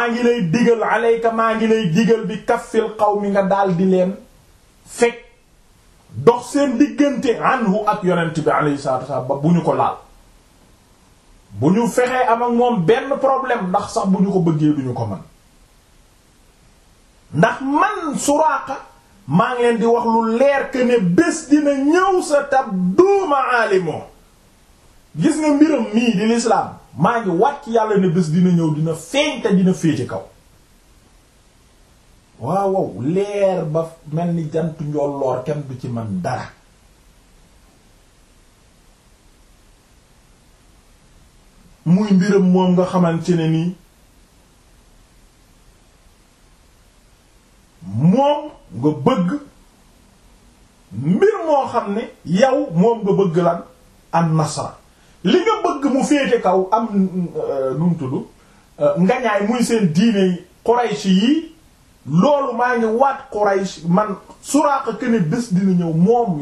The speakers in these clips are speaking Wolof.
maa ngi lay digal alayka maa ngi lay digal bi kaffil xaw mi nga daal di leen fekk dox seen diggante anhu ak yonent bi alayhi salaatu wasalaam ba bu ñu ko laal bu ñu fexee am ak moom benn problème ndax sax bu ñu ko bëggee duñu ko mën ndax man Suraaqa maa ngi leen di wax lu leer que ne bés dina ñëw sa tab duuma aalimo gis nga mbiram mii di lislaam maa ngi wàcc yàlla ne bés dina ñëw dina feeñ te dina féete kaw waaw waaw leer ba mel ni jant njolloor kenn du ci man dara muy mbiram moom nga xamante ne nii moom nga bëgg mbir moo xam ne yow moom nga bëgg lan an nasara li nga bëgg mu féete kaw am mm, mm, euh, nu tudd euh, ngañaay muy seen diine Quraysh yi loolu maa ngi waat Quraysh man Suraaqa que ne bés dina ñëw moom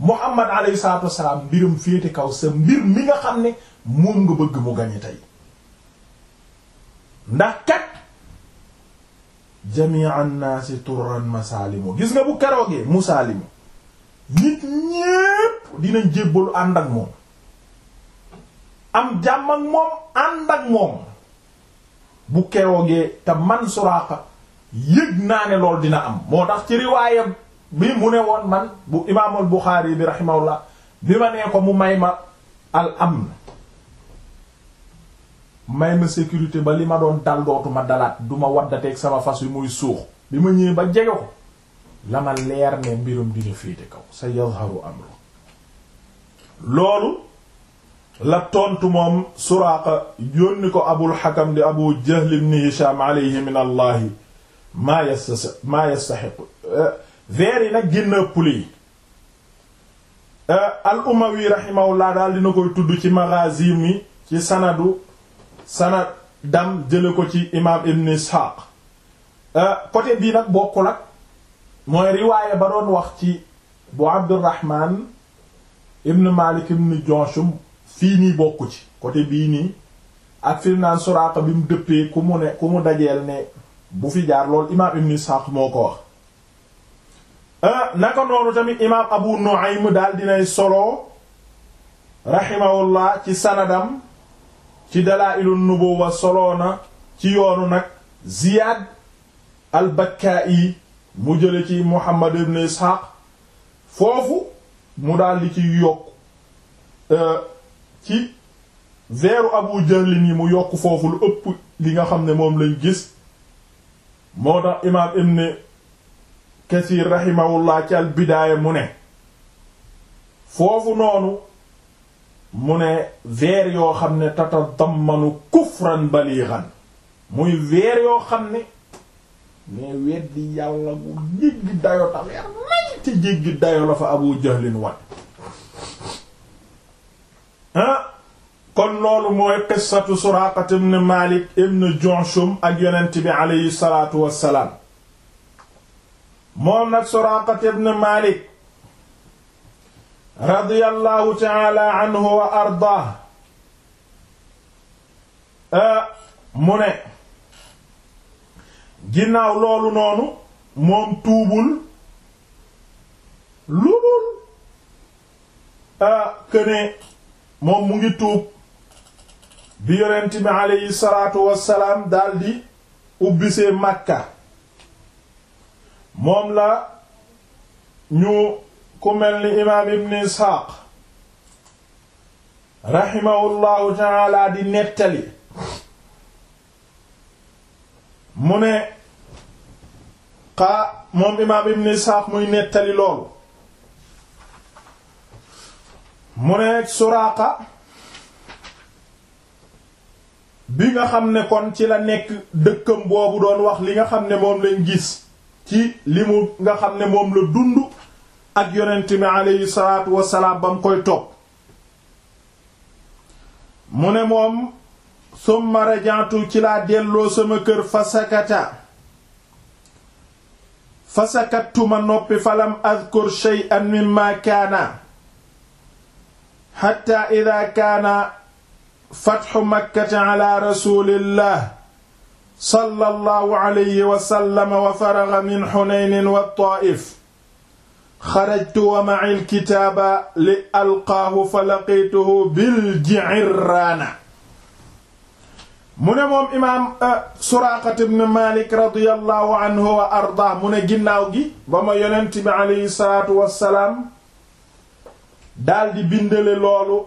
Muhammad alayhi salaatu wassalaam mbiram féete kaw sa mbir mi nga xam ne moom nga bëgg mu gañe tey ndax kat jami'an naasi turran masaalimu gis nga bu keroogee musaalimu nit ñépp dinañ jébbalu ànd ak moom am jàmm ak moom ànd ak moom bu keroogee te man Suraaqa yëg naa ne lool dina am moo tax ci riwaaya bi mu ne woon man bu imaamul Buxaari bi rahimahullah bi ma nee ko mu may ma al amn may ma sécurité ba li ma doon dal dootuma dalaat duma waddateeg sama fas wi muy suux bi ma ñëwee ba jege ko la ma leer ne mbirum dina féete kaw sa yazharu amru loolu la tontu moom suraaqa yónni ko abul xakam di abu jahl ibn hisham alayhi min allahi maa yasta maa yastaxiq veer eh, yi nag gënna ëpp lii eh, al umawi rahimahullah daal dina koy tudd ci maghazi mi ci sanadu sanad dam jële ko ci imaam ibn isxaaq eh, côté bii nag bokkul ak mooy riwaaya ba doon wax ci bu abdurrahman ibn malik ibn jonshum fii nii bokku ci côté bii nii ak fim naan bi mu dëppee ku mu ne ku mu dajeel ne bu fi jaar loolu imaam Ibn Ishaq moo ko wax ah, naka noonu tamit imaam Abu Nu'aym daal dinay solo rahimahullah ci sanadam ci Dalaa'ilun Nubuwwa solo na ci yoonu nag Ziyaad al-Bakkaa'i mu jële ci Muhammad ibn foofu mu daal di ci yokk euh, ci veeru Abu Jahl yi mu yokk foofu lu ëpp li nga xam ne moom lañ gis moo tax imaam Ibn Kathir rahimahullah ci al mu ne foofu noonu mu ne veer yoo xam ne tatadammanu kufran balighan muy veer yoo xam ne mais weddi yàlla bu jéggi dayo ta weer may te jéggi dayo la fa Abu Jahlin wat ah kon loolu mooy qissatu Suraaqa ibn Maalik ibn Ju'shum ak yonent bi aleyhi salaatu wassalaam moom nag Suraaqa ibn Maalik radiyallahu ta'ala anhu wa ardaah mu ne ginnaaw noonu moom tuubul lu dul moom mu ngi tuub bi yonent bi aleyhi salaatu wassalaam daldi ubbisee Makka moom la ñu ku mel ni imaam ibn Isxaaq rahimahullahu taala di nettali mu ne xaa moom imaam ibn Isxaaq muy nettali loolu mu ne Suraaqa bi nga xam ne kon ci la nekk dëkkam boobu doon wax li nga xam ne moom lañ gis ci li mu nga xam ne moom la dund ak yonent mi aleyhi salaatu wasalaam ba mu koy topp mu ne moom summa rajantu ci laa delloo sama kër fasakata fasakattu ma noppi falam azkur shay'an mimma kaana xatta ida kaana fatxu makkata ala rasulillah sallallahu alayhi wa sallam wa faraga min xunaynin wa taa'if xarajtu wa ma'i alkitaaba li alqaahu fa laqituhu biljicirraana mu ne moom imaam uh, suraaqa ibn maalik radiyallahu anhu wa ardaa mu ne ginnaaw gi ba ma yonent bi alayhi salaatu wassalaam daldi bindale loolu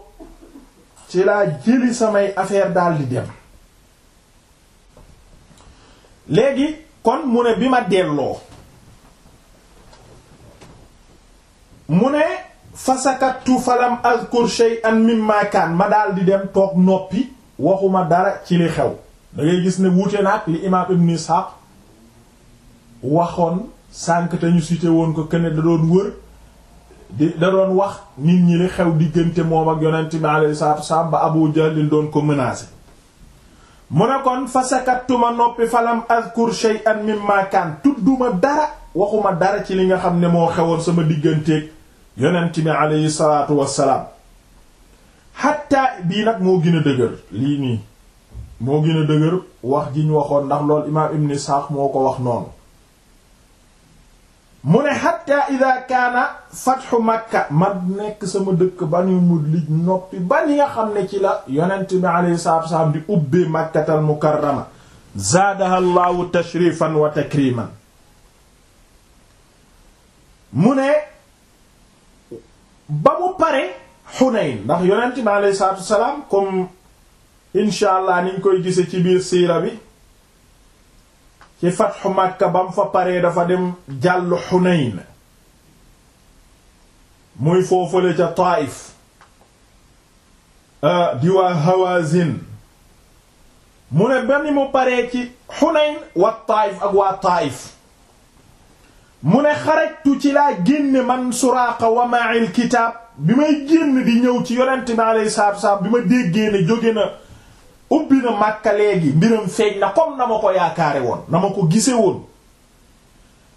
ci laa jëli samay affaire daldi dem léegi kon mu ne bi ma delloo mu ne fasakattu falam azkur shay'an mimma kaan ma daldi dem toog noppi waxuma dara ci li xew da gis ne wuute na ak li imaam ibn Ishaq waxoon sànq te ñu cité woon ko kenn da doon wër di da doon wax nit ñi li xew diggante moom ak yonent bi alayhi salaatu wassalaam ba Abu Jahl doon ko menacer mu ne kon fa sakattuma noppi falam azkur shay'an mimma kaan tudduma dara waxuma dara ci li nga xam ne moo xewoon sama digganteeg yonent bi alayhi salaatu wassalaam bii nag moo gën a dëgër lii nii moo gin a dëgër wax ji ñu waxoon ndax lool imaam Ibn Isxaaq moo ko wax noonu mu ne hatta ida kaana fatxu makka ma nekk sama dëkk banu mudlij noppi ba ni nga xam ne ci la yonent bi alayhi salaatu wasalaam di ubbee makkatal mukarrama zaadaha llahu tashrifan wa takriman mu ne ba mu pare xunayn ndax yonent bi alayhi salaatu wasalaam comme incha allah niñ koy gise ci biir siira bi ci fatxu Makka bam fa paree dafa dem jàll Xunayn muy foofale ca Taayif ah, di waa Hawazin mu ne benn mu paree ci Xunayn wa Taayif ak waa Taayif mu ne xarajtu ci laa génne man Suraaqa wa ma'il kitaab bi may génn di ñëw ci yonent bi alayhi salaatu bi ma déggee ne jóge ubbi na Makka léegi mbiram feeñ na comme na ma ko yaakaare woon na ma ko gise woon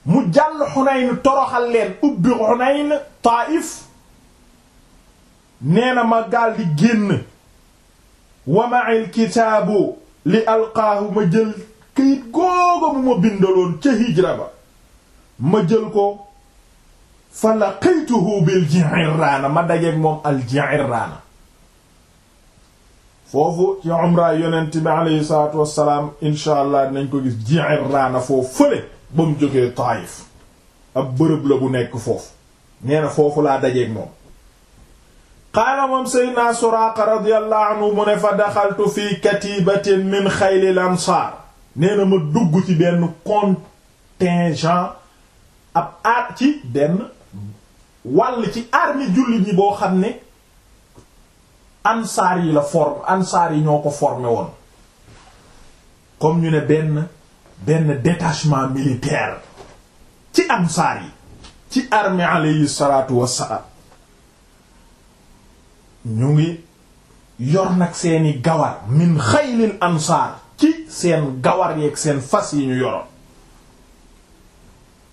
mu jàll Xunayn toroxal leen ubbi Xunayn Taayif nee na ma gaal di génn wa ma'il kitaabu li alqaahu ma jël këyit googa mu ma bindaloon ca hijra ba ma jël ko fa laqaytuhu bil Ji'irraana ma dajeeg moom al Ji'irraana foofu ci umra yonent bi aleyhi salaatu wassalaam incha allah dinañ ko gis Ji'irraana foofu fële ba mu jógee Taayif ab bërëb la bu nekk foofu nee foofu laa dajeeg moom qaala moom seydna Suraaqa radiyallahu anhu mu ne fa daxaltu fii katibatin min xaylil ansaar nee ma dugg ci benn contingent ab aar ci benn wàll ci armée jullit ñi boo xam ne ansaar yi la forme ansaar yi ñoo ko formé woon comme ñu ne benn benn détachement militaire ci ansaar yi ci armée alayhi salaatu wassalaam ñu ngi yor nag seeni gawar min xaylil ansaar ci seen gawar yeek seen fas yi ñu yoroon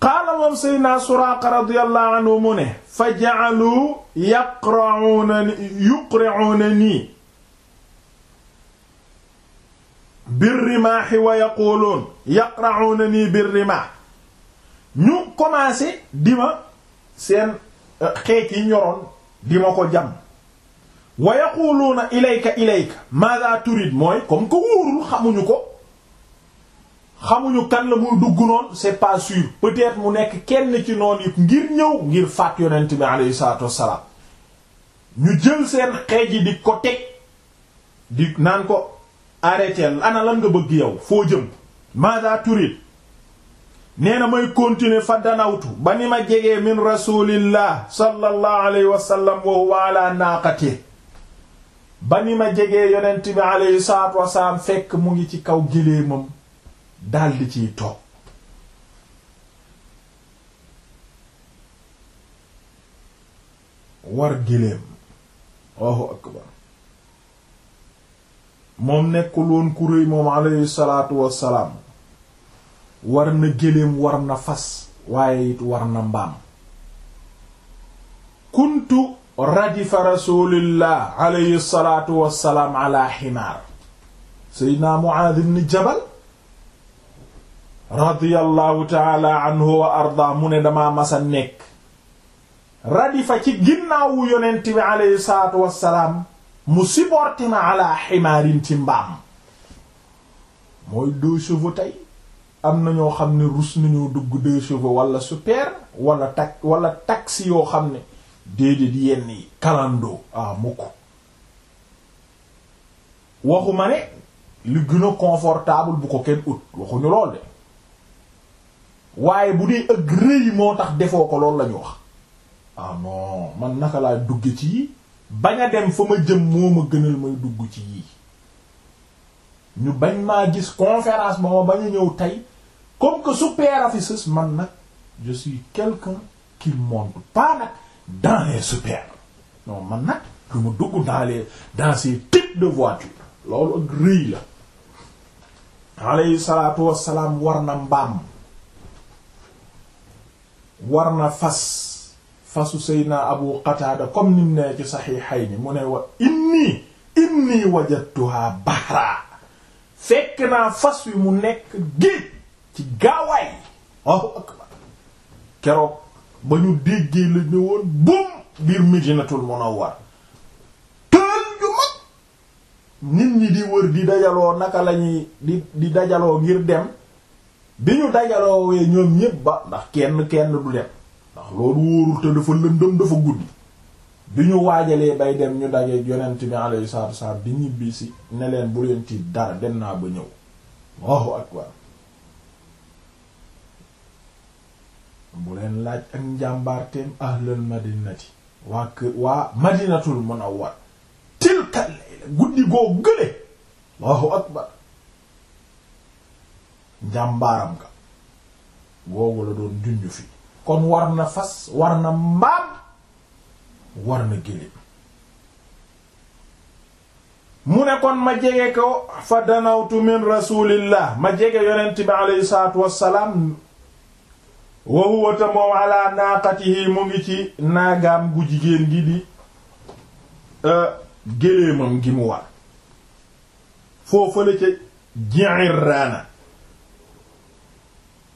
qaala moom seydna suraaqa radiyallahu anhu mu ne fa ja'alu yaqra'una yuqri'una nii birrimaahi wa yaquluun yaqra'una nii birrimaah ñu commencé di ma seen euh, xeec yi ñoroon di ma ko jam wa yaquluuna ilayka ilayka maada turid mooy comme ko wóorul xamuñu ko xamuñu kan la muy dugg noonu c'est pas sûr peut mu nekk kenn ci noon yi ngir ñëw ngir faat yonent bi alayhi salaatu wassalaam ñu jël seen xeej yi di ko teg di naan ko arrêté ana lan nga bëgg yow foo jëm maada turid nee na may continuer fa danawtu ba ni ma jegee min rasulillah sallallahu alayhi wa sallam wa huwa ba ni ma jegee yonent bi alayhi salaatu wassalaam fekk mu ngi ci kaw géléemam daldi ciy toog war giléem Allahu akbar moom nekkul woon ku moom alayhi salaatu wassalaam war na géléem war na fas waaye it war na mbaam kuntu radifa rasulillah alayhi salaatu wassalaam ala ximaar seydna Muaad ibn Jabal radiyallahu taala anhu wa arda mu ne dama masa nekk radifa ci ginnaawu yonent bi aleyhi salaatu wassalaam mu supporté ma ala ci mbaam mooy am na ñoo xam ne rus nañoo dugg deux chevaux wala super wala tak wala taxi yoo xam ne déedéet yenn yi kalandoo ah mukk waxuma ne li gën confortable bu ko kenn ut waxuñu lool de waaye bu dee ak rëy moo tax defoo ko loolu la ñu wax ah man naka laa dugg ci yi bañ a dem fa ma jëm moo ma gënal may dugg ci yii ñu bañ maa gis conférence ba ma bañ ñëw tey comme que super-offices man nag je suis quelqu'un qui monte pas nag dans super non man nag du ma dugg dans les dans de voitures loolu ak rëy la alayhi salaatu wassalaam war na mbaam war na fas fasu Seydina Abu Qatada comme nim ne ci Sahihayni mu ne wa fas wi mu nekk ci gaawaay Allahu ba ñu déggee la ne woon buum nit ñi di wër di dajaloo naka lañuy di di dajaloo ngir dem bi ñu dajaloowee ñoom ñépp ba ndax kenn kenn du dem ndax loolu wóorul te dafa lëndëm dafa guddi bi ñu waajalee bay dem ñu daje yonent bi alayhi salaatu wasallam di ñibbi si ne leen bu leen tiit dara dem naa ba ñëw Allahu akbar bu leen laaj ak njàmbaarteem ahlul madinati waa kër waa madinatul munawwar tilka layla guddi goo gële Allahu akbar njàmbaaram ka googu la doon junj fi kon war na fas war na mbaam war na géléem mu ne kon ma jege ko fa danawtu min rasulillah ma jege yonent bi aleyhi salaatu wassalaam wa huwa ta moom ala mu ngi ci naagaam gu jigéen gi di e, géléemam gi mu war foofu la ca Ji'irraana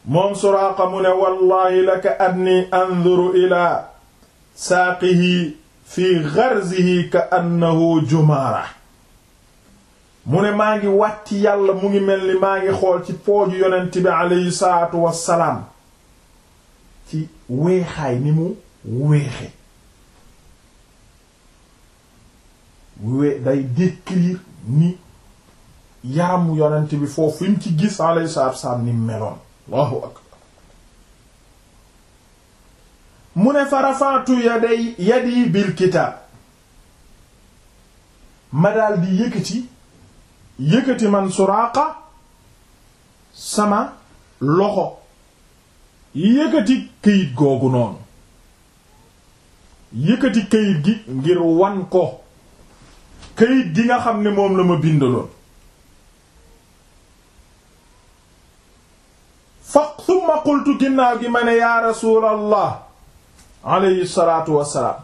moom suraaqa mu ne wallaahi laka anni anzuru ilaa saaqihi fi garzihi ka annahu jumaara mu ne maa ngi ci yàlla mu ngi mel ni maa ngi xool ci pooju yonent bi aleyhi salaatu wassalaam ci weexaay ni mu weexe day décrire ni yaramu yonent bi foofu fi mu ci gis aleyhi salaatu wassalaam ni meloon allahu mu ne ya rafaatu yaday yadi bil kitaab ma daal di yëkkati yëkkati man suraaqa sama loxo yëkkati këyit googu noonu yëkkati këyit gi ngir wan ko këyit gi nga xam ni moom la ma bindaloon fa summa qultu ginnaaw gi ma ne yaa rasuulallah alayhi salaatu wassalaam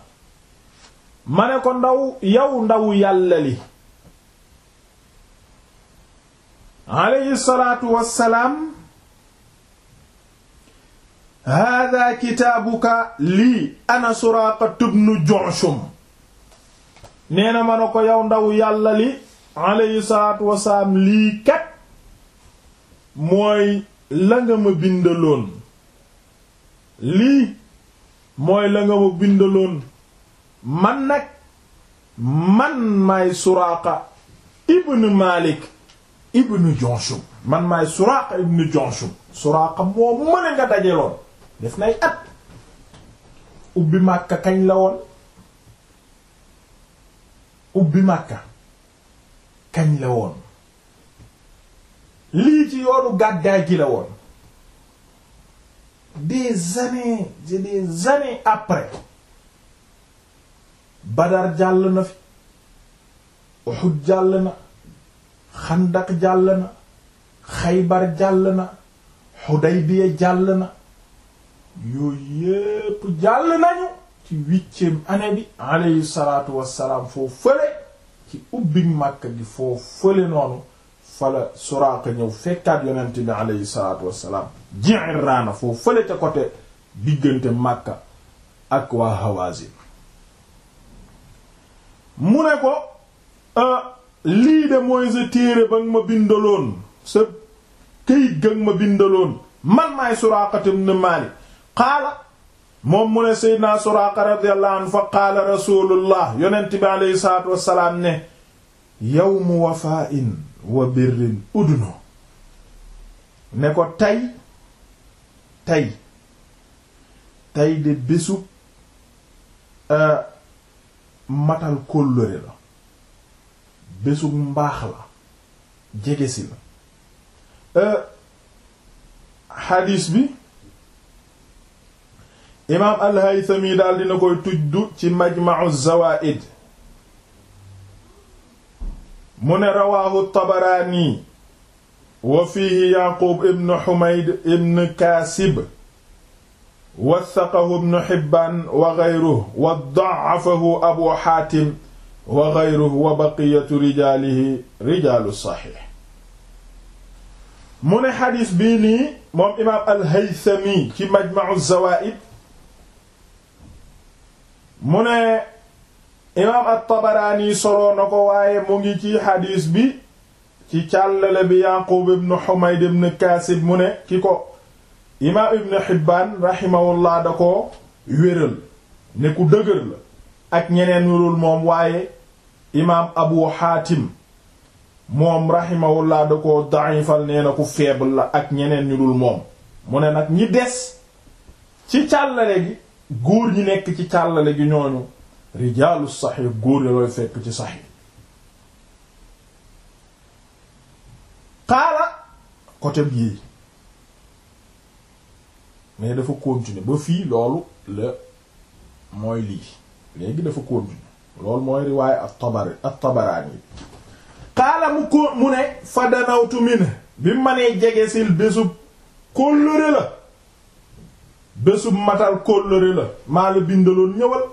ma ko ndaw yow ndaw yàlla li alayhi salaatu wassalaam haadaa kitaabuka lii ana suraaqatu bnu ju'shum nee na ko yow ndaw yàlla li alayhi salaatu wassalaam lii kat mooy la nga ma bindaloon lii mooy la nga ma bindaloon man nag man maay Suraaqa ibn Malik ibn Junshum man maay Suraaqa ibn Junshum Suraaqa moomu mën a nga dajeloon def nay at ubbi Makka kañ la woon ubbi Makka kañ la woon lii ci yoonu gàddaay gi la woon des années et des après Badar jàll na fi Uhud jàll na Xandaq jàll na Xaybar jàll na Xudaybiya jàll na yooyu yépp jàll nañu ci huitième année bi salaatu wassalaam foo fële ci ubbi Makka gi foo fële noonu fala Suraaqa ñëw fekkaat yonent bi aleyhi salaatu wassalaam Ji'irraana foofu fële ca côté diggante Makka ak waa Hawaazin mu ne ko ah, lii de mooy sa téere ba ma bindaloon sa këyit ga nga ma bindaloon man maay Suraaqa ibn Maalik qaala moom mu ne Seydina Suraaqa radiyallahu fa qaala Rasuulullah yonent bi aleyhi salaatu wassalaam ne yawmu wafaa'in wa birrin udno ne ko tey tey tey de bésu euh, matal kóllëre la bésu mbaax la jege si la xadiis euh, bi imaam al-Haythami daal dina koy tujdu ci majma'u zawaid mu ne rawaahu tabaraani wa fiihi yaaqub ibn xumayd ibn kaasib wasaqahu ibn xibbaan wa geyruhu wa daafahu abu xaatim wa geyruhu wa baqiyatu rijaalihi rijaalu saxiix mu ne xadiis bii nii moom imaam alhaytami ci majmacu zawaa'id mu ne imaam at-Tabaraani soloo na ko waaye mu ngi ci xadiis bi ci càllale bi Yaaqub ibn Humayd ibn Kaasib mu ne ki ko imaam ibn Hibbaan rahimahullah da ko wéral ne ku dëgër la ak ñeneen wérul moom waaye imaam Abu Haatim moom rahimahullah da ko da'ifal nee na ku faible la ak ñeneen ñu dul moom mu ne nag ñi des ci càllale gi guur ñi nekk ci càllale gi ñooñu rijaalu saxiix góor ya fekk ci saxiix xaala côté bii mais dafa continuer ba fii loolu la mooy lii léegi dafa continuer loolu mooy riwaaya at-Tabari at-Tabaraani bi xaala mu ko mu ne fa danawtu min bi ma nee jege sil bésub kóllëre la bésub matal kóllëre la maa la bindaloon ñëwal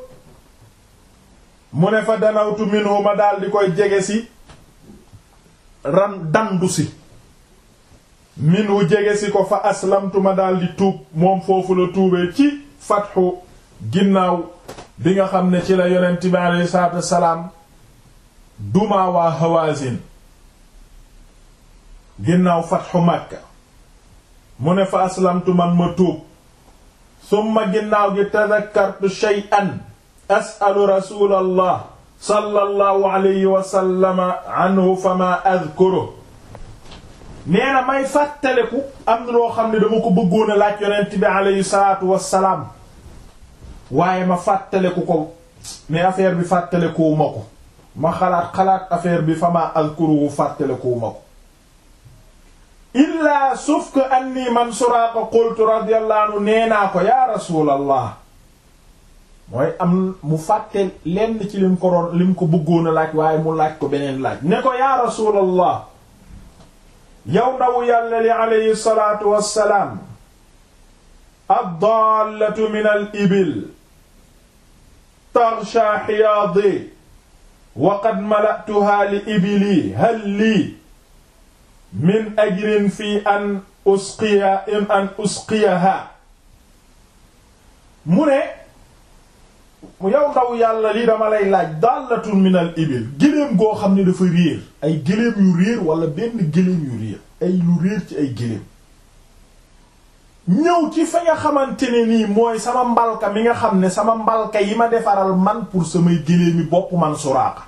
mu ne fa danawtu minhu ma daal di koy jege si ran dandu si minhu jege si ko fa aslamtu ma daal di tuub moom foofu la tuubee ci fatxu ginnaaw bi nga xam ne ci la yonent bi aleyhi salaatu wassalaam duma waa Hawazin ginnaaw fatxu Makka mu ne fa aslamtu man ma tuub summa ginnaaw gi tadakkartu shay'an as'alu rasulallah sallallahu alayhi wa sallama anhu fama adhkuru nee xam ne dama ko bëggoon a laaj yonent bi alayhi salaatu wassalaam waaye ma fàttaleku ko bi fàttalekuu ma ko bi fama ku fàttalekuu ma ko illaa sauf anni man qultu radiyallahu anhu nee naa ko yaa rasulallah mooy am mu fàtte lenn ci lim ko doon lim ko bëggoon a laaj waaye mu laaj ko beneen laaj ne ko yaa rasuulallah yow ndaw yàlla li alayhi salaatu wassalaam ad-dallatu min al-ibil tarsha hiyaadi wa qad mala'tuha li ibili hal lii min ajrin fi an usqiya im an usqiyaha mu ne mu yow ndaw yàlla lii dama lay laaj dallatun min al ibil géléem goo xam ne dafa réer ay géléem yu réer wala benn géléem yu réer ay lu réer ci ay géléem ñëw ci fa nga xamante ne nii mooy sama mbalka mi nga xam ne sama mbalka yi ma defaral man pour samay géléemi bopp man Suraaqa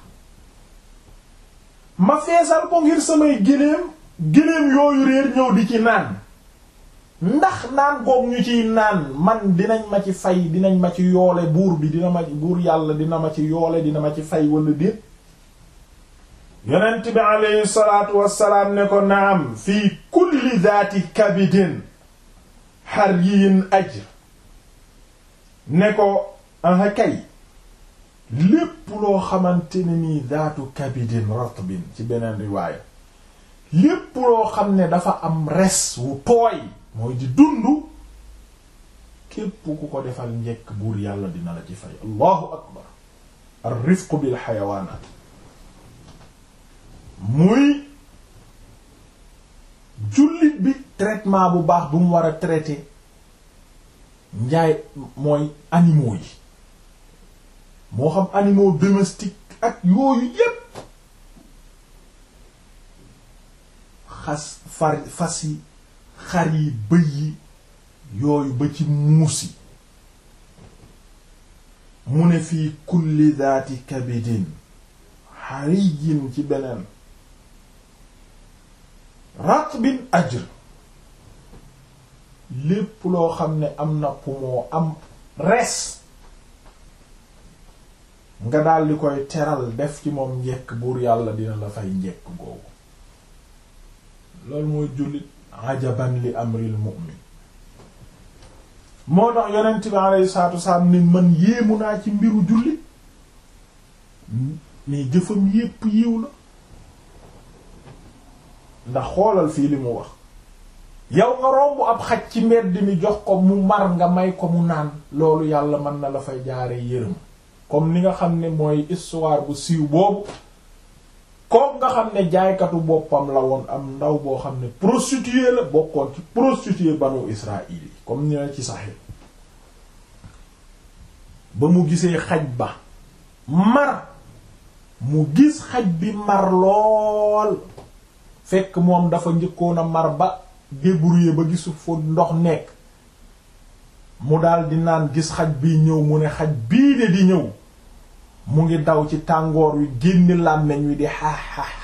ma feesal ko ngir samay géléem géléem yooyu réer ñëw di ci naan ndax naan goog ñu ciy naan man dinañ ma ci fay dinañ ma ci yoole buur bi dina ma ci buur yàlla dina ma ci yoole dina ma ci fay wala déet yonent bi aleyhi salaatu wassalaam ne ko naam fii kulli daati kabidin haryin ajr ne ko aha kay lépp loo xamante ni nii daatu kabidin ratbin ci beneen riwaaya lépp loo xam ne dafa am res wu tooy mooy di dund képp ku ko defal njëkk buur yàlla dina la ci fay allahu akbar ar rifqu bil xayawaanaat muy jullit bi traitement bu baax bu mu war a traité njaay mooy animaux yi moo xam animaux domestiques ak yooyu yépp xas far fas yi xar yi bëy yi yooyu ba ci muus mu ne fii kulli daati kabidin xariyin ci beneen ratbin ajr lépp loo xam ne am na pumoo am res nga daal di koy teral def ci moom njekk buur yàlla dina la fay njekk googu loolu mooy jullit ajaban li amril mu'min moo tax yonent bi alayhi salaatu wasalaam ni man yéemu naa ci mbiru julli mais jëfam yépp yiw la ndax xoolal fii li mu wax yow nga romb ab xaj ci mbedd mi jox ko mu mar nga may ko mu naan loolu yàlla mën na la fa jaare yërëm comme ni nga xam ne mooy histoire bu siiw boobu kook nga xam ne jaaykatu boppam la woon am ndaw boo xam ne prostituée la bokkoon ci prostituée banu Israël yi comme ni ci saxee ba mu gisee xaj ba mar mu gis xaj bi mar lool fekk moom dafa njëkkoon a mar ba débrouiller ba gisu fu ndox nekk mu dal di naan gis xaj bi ñëw mu ne xaj bii de di ñëw mu ngi daw ci tàngoor wi génn làmmeñ wi di xaax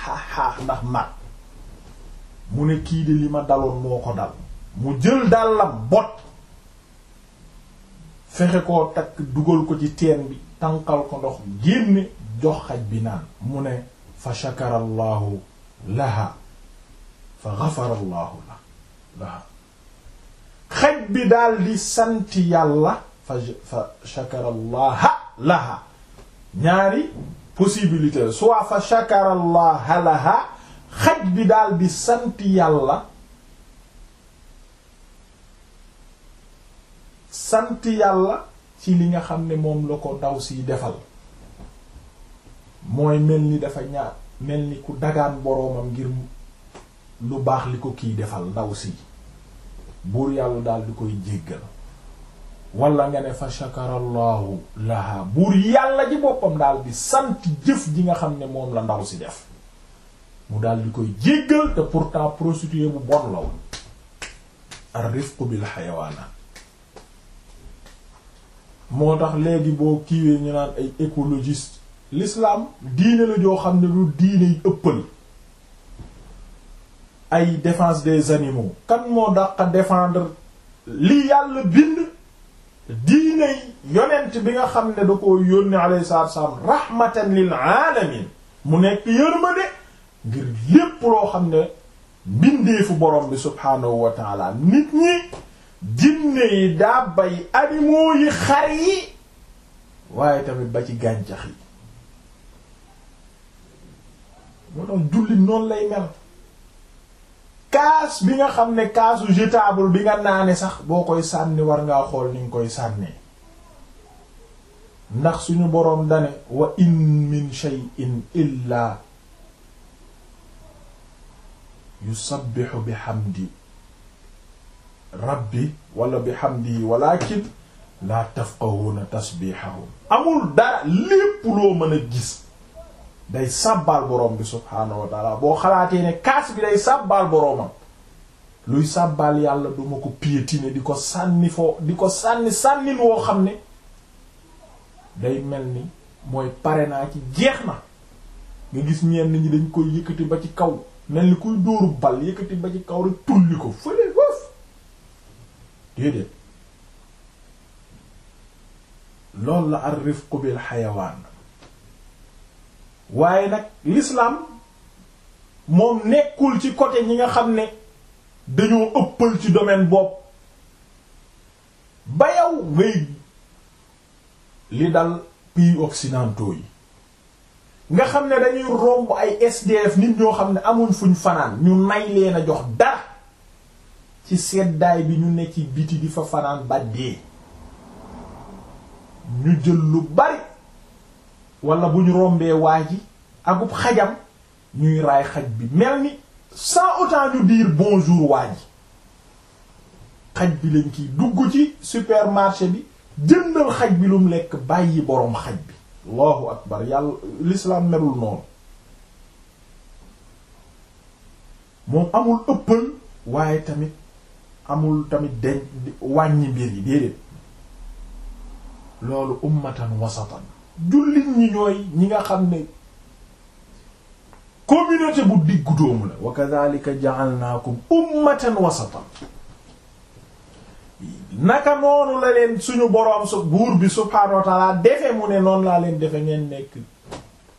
xaax xaax ndax mag mu ne kii de li ma daloon moo ko dal mu jël dal la bot fexe ko takk dugal ko ci teen bi tànqal ko ndox génne jox xaj bi naan mu ne fa shakara allahu fa ghafara allahu xaj bi daal di sant yàlla fa shakara allaha ñaari possibilité soit fa shakarallaha laha xaj bi daal di sant yàlla sant yàlla ci li nga xam ne moom la ko ndaw siy defal mooy mel ni dafa ñaar mel ni ku dagaan boroomam ngir lu baax li ko kiy defal ndaw si buur yàlla daal di koy jéggal wala nga ne fa shakarallahu laha buur yàlla ji boppam daal di sant jëf ji nga xam ne moom la ndaw si def mu daal di koy jéggal te pourtant prostituée bu bon la woon ar rifqu bil xayawaana moo tax léegi boo kiiwee ñu naan ay écologiste l'islam diine la joo xam ne lu diine ëppal ay défense des animaux kan moo dàq défendre li yàlla bind diiney yonent bi nga xam ne da koo yónni alayhi salaatu wassalaam rahmatan lil alamin mu nekk yërmande ngir lépp loo xam ne mbindeefu borom bi subhaanahu wa taala nit ñi jinne yi daaba yi animaux yi xar yi waaye tamit ba ci gàncax yi moo tax jullit noonu lay mel kaas bi nga xam ne kaasu jetable bi nga naane sax boo koy sànni war ngaa xool ni nga koy sànnee ndax suñu boroom dane wa in min shay'in illa yusabbihu bihamdi rabbi wala bihamdi walakin la tafqahuna tasbihahum amul dara lépp loo mën a gis day sàbbaal borom bi subhaanahu wa boo xalaatee ne kaas bi day sàbbaal boromam luy sàbbaal yàlla duma ko piétiner di ko sànni foo di ko sànni sànnin woo xam ne day mel ni mooy pare naa ci jeex na nga gis ñenn ñi dañ koy yëkkati ba ci kaw mel ni kuy dóoru bal yëkkati ba ci kaw rek tulli ko fële foofu déedéet loolu la ar rifqu bil xayawaan waaye nag l'islam moom nekkul ci côté ñi nga xam ne dañoo ëppal ci domaine bopp ba yow ngay li dal pays occidentaux yi nga xam ne dañuy romb ay SDF nit ñoo xam ne amuñ fuñ fanaan ñu nay leen a jox dara ci seddaay bi ñu ne ci biti di fa fanaan ba dee ñu jël lu bari wala bu ñu rombee waa ji akub xajam ñuy raay xaj bi mel ni sans autant ñu dire bonjour waa ji xaj bi lañ kiy dugg ci supermarché bi jëndal xaj bi lu mu lekk bàyyi boroom xaj bi allahu akbar yàlla l'islam melul noonu moom amul ëppal waaye tamit amul tamit den wàññi mbir yi déedéet loolu ummatan wasatan jullit ñi ñooy ñi nga xam ne communauté bu diggu doomu la wa naa ko ummatan wasatan naka noonu la leen suñu boroom su buur bi subhaanahu wa ta'ala defe mu ne noonu laa leen defe ngeen nekk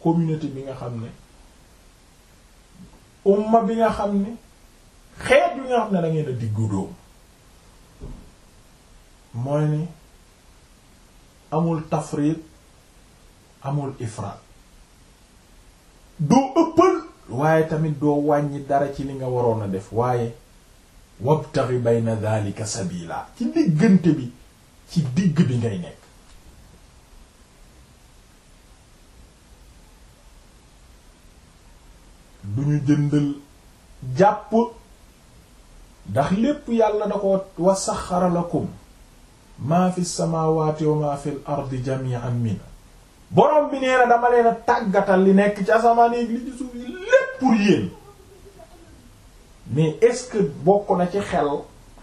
communauté bi nga xam ne umma bi nga xam ne xeet bi nga xam ne da ngeen a diggu doomu mooy ni amul tafrit amul ifraat doo ëppal waaye tamit doo wàññi dara ci li nga waroon a def waaye wabtaghi bayna dhalika sabila ci diggante bi ci digg bi ngay nekk duñu jëndal jàpp ndax lépp yàlla da ko wa saxxara lakum maa fi samawati wa maa fi borom bi nee na dama leen a tàggatal li nekk ci asamaan yi li ci suuf yi lépp pour mais est-ce que bokk na ci xel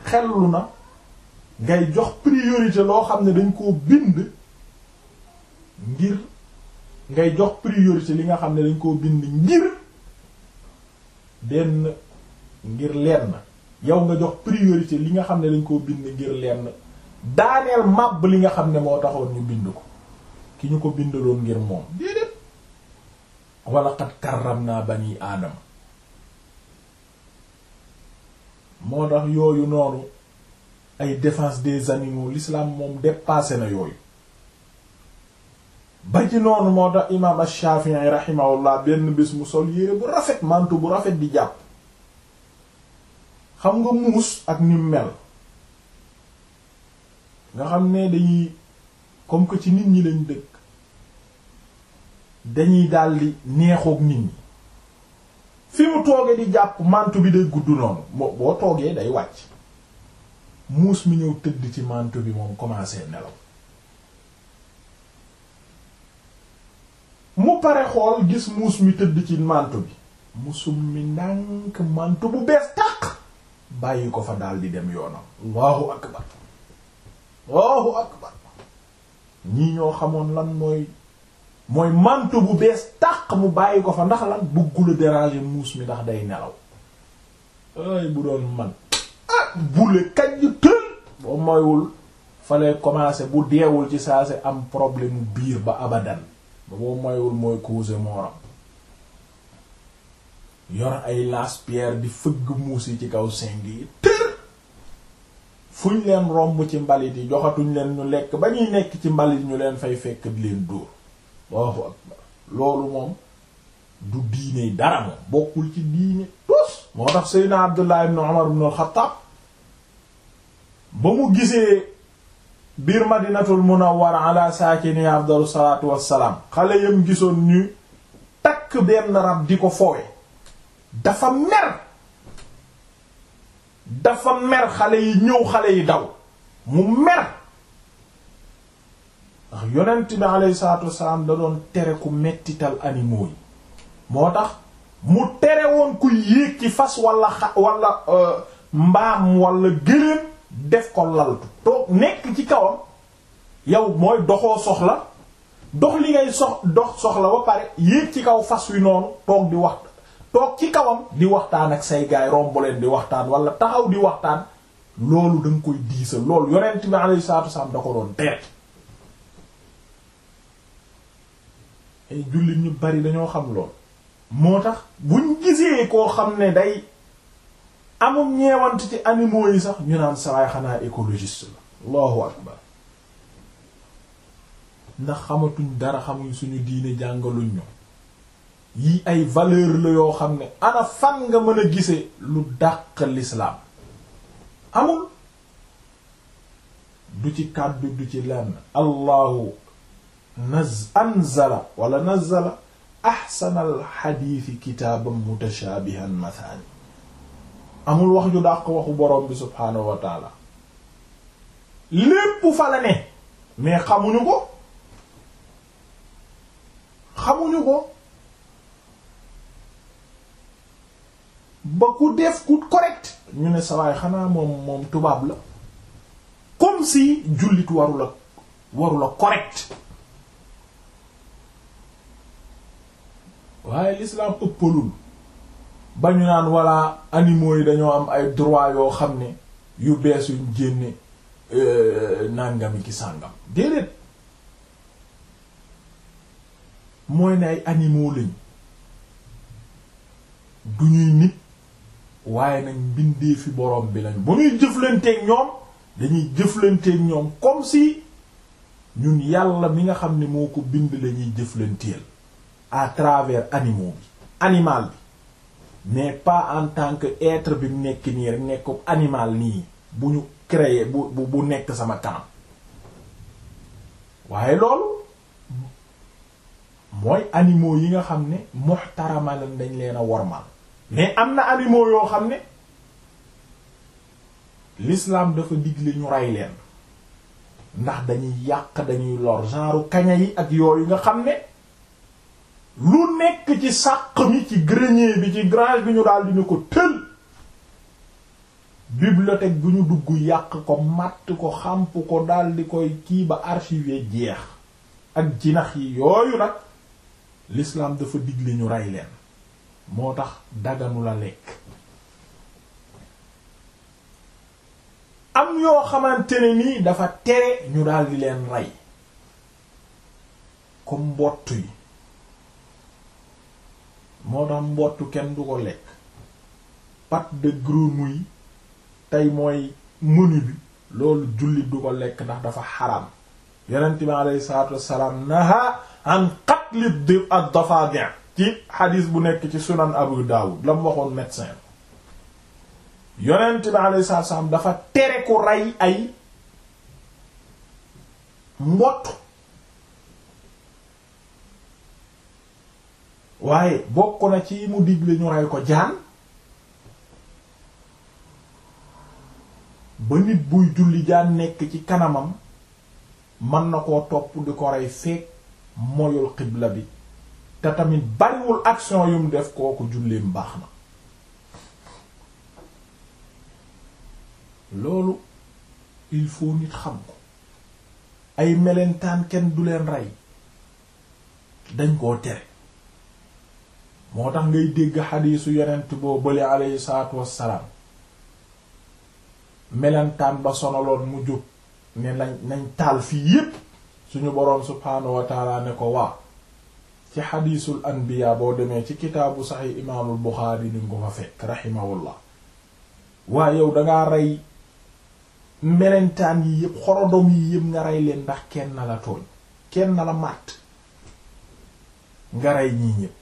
xellu na ngay jox priorité loo xam ne dañ koo bind ngir ngay jox priorité li nga xam ne dañ koo bind ngir benn ngir lenn yow nga jox priorité li nga xam ne dañ koo bind ngir lenn daaneel màbb li nga xam ne moo taxoon ñu bind ko ki ñu ko bindaloon ngir moom déedéet wala xat karram naa bani aadama moo tax yooyu noonu ay défense des animaux l'islam moom dépassé na yooyu ba ci noonu moo tax imaam Shafi'i rahimahullah benn bés sol yére bu rafet mantu bu rafet di jàpp xam nga muus ak ni mel nga xam ne dañuy comme que ci nit ñi lañ dëkk dañuy daldi neexook nit ñi fi mu toogee di jàpp mantu bi day gudd noonu boo boo toogee day wàcc muus mi ñëw tëdd ci mantu bi moom commencé nelaw mu pare xool gis muus mi tëdd ci mantu bi musum mi ndànk mantu bu bees tàq bàyyi ko fa daldi dem yoonam allahu akbar allahu akbar ñii ñoo xamoon lan mooy mooy manto bu bees tàq mu bàyyi ko fa ndax lan bëggula déranger muus mi ndax day nelaw ay bu doon man ah, bule kaj tël boo moywul fale commencer bu deewul ci saa si am problème biir ba abadan ba boo moywul mooy cause moram yor ay lance pierre di fëgg muus yi ci kaw seng yi fu ñu leen romb ci mbalit yi joxatuñ leen ñu lekk ba ñuy nekk ci mbalit ñu leen fay fekk di leen dóor Allahu akbar loolu moom du diine dara moom bokkul ci diine tos moo tax Seydina Abdullah ibn Umar ibn al-Khattab ba mu gisee biir Madinatul Munawwara ala saakini afdalu salaatu wassalaam xale yam gisoon ñu takk benn rab di ko fowe dafa mer dafa mer xale yi ñëw xale yi daw mu mer ndax yonent bi alayhi salaatu wasalaam da doon tere ku mettital animaux yi moo tax mu tere woon ku yéeg ci fas wala xa wala euh, mbaam walla gëléem def ko laltu toog nekk ci kawam yow mooy doxoo soxla dox li ngay sox dox soxla ba pare yéeg ci kaw fas wi noonu toog di wax toog ci kawam di waxtaan ak say gaay romb di waxtaan wala taxaw di waxtaan loolu da koy diisal lool yonent bi alayhi salaatu wasalaam da ko doon teet ay jullit ñu bari dañoo xam lool moo tax buñ gisee koo xam ne day amum ñeewant ci animaux yi sax ñu naan sawaay xanaa écologiste la allahu akbar ndax xamatuñ dara xamuñ suñu diine jàngaluñ ñoom yi ay valeur la yoo xam ne ana fan nga mën a gise lu dàq l'islam amul du ci kàddu du ci lenn allahu naz anzala wala nazala ahsanal xadiisi kitaaban mutashaabihan mathani amul wax ñu dàq waxu borom bi subhaanahu wa taala lépp fa la ne mais xamuñu ko xamuñu ko ba ku def ku correct ñu ne sawaay xanaa moom moom tubaab la comme si jullit waru la correct waaye lislaam ëppalul ba ñu naan walla animaux yi dañoo am ay droit yoo xam ne yu bees yu jénne euh, nàngami ki sàngam déedéet mooy ne ay animaux lañ du nit waaye nag mbindee fi borom bi lañu bu ñuy jëflanteeg ñoom dañuy jëflanteeg ñoom comme si ñun yàlla mi nga xam ne moo ko bind lañuy jëflanteel à travers animaux bi animal bi mais pas en tant que être bi nekk nii rek nekk animal nii bu ñu créer bu bu nekk sama kanam waaye loolu mooy animaux yi nga xam ne muxtaramalan dañ leen a wormal mais am na animaux yoo xam ne l'islam dafa digle ñu rey leen ndax dañuy yàq dañuy lor genre kaña yi ak yooyu nga xam ne lu nekk ci sàq mi ci grenier bi ci grange bi ñu daal di ñu ko tël bibliothèque bu ñu dugg yàq ko matt ko xàmp ko daal di koy kii ba archive jeex ak jinax yi yooyu nag l'islam dafa digle ñu rey leen moo tax daganu la lekk am yoo xamante ne nii dafa tere ñu daal di leen rey comme mbott yi moo tax mbott kenn du ko lekk pâte de grenouille tey mooy menu bi loolu jullit du ko lekk ndax dafa xaram yonent bi alayhi salaatu wassalaam naha an qatl ad-dafaadi' ci xadis bu nekk ci sunan abu dawud la mu waxoon médecin yonent bi alayhi salaatu salaam dafa tere ku rey ay mbott waaye bokk na ci mu digle ñu rey ko jaan ba nit buy julli jaan nekk ci kanamam mën na koo topp di ko rey feek moyul xibla bi te tamit bariwul action yum def kooku julleem baax na loolu il faut nit xam ko ay melentaan kenn du leen rey dañ koo tere moo tax ngay dégg xadiisu yonent boo bële aleyhi salaatu wassalaam melentaan ba sonaloon mu jub ne nañ nañ taal fii yépp suñu boroom subhaanahu wa ne ko waa ci xadiisul anbiya boo demee ci kitaabu saxi imaamul buxaari ni nga ko fa fekk raximahullah waaye yow dangaa rey melentaan yi yëpp xorodom yi yëpp nga rey leen ndax kenn la tooñ kenn la màtt nga rey ñii ñëpp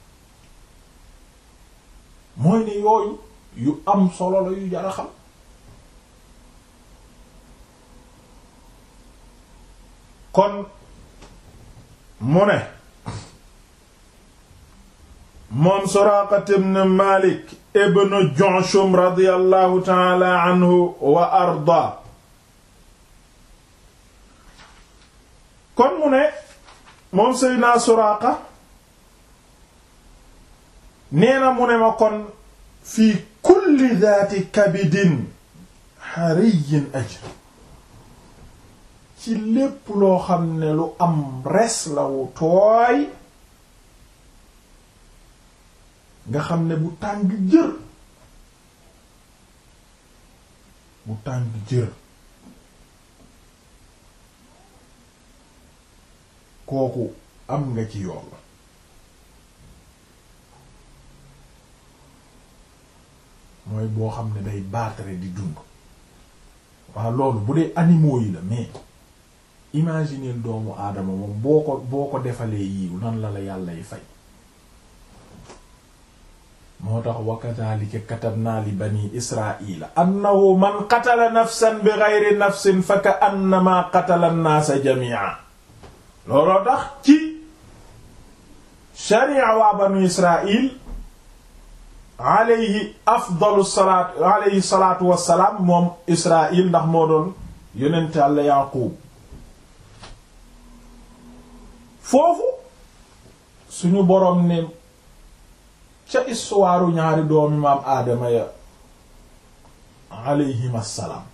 mooy ne yooyu yu am solo la yu jar a kon mu ne moom Suraaqa ibn Maalik ibn Ju'shum radiyallahu ta'ala anhu wa arda kon mu ne moom Seydina Suraaqa nee na mu ne ma kon fii kulli daati kabidin hariyin ajr ci lépp loo xam ne lu am res la wu tooy nga xam ne bu tàng jër bu tàng jër kooku am nga ci yool mooy boo xam ne day baatare di dund waaw loolu bu dee animaux yi la mais imaginer doomu aadama moom boo ko boo ko defalee yiw nan la la yàlla yi fay moo tax wa kadhalika katabna li bani israila annahu man qatala nafsan bi ghayri nafsin fa ka annama qatala an-naasa jami'a looloo tax ci sharia waa banu israil alayhi afdalu salaatu alayhi salaatu wassalaam moom israil ndax moo doon yonent Yàlla Yaaqub foofu suñu boroom ne ca histoire ñaari doomi maam aadama ya alayhim assalaam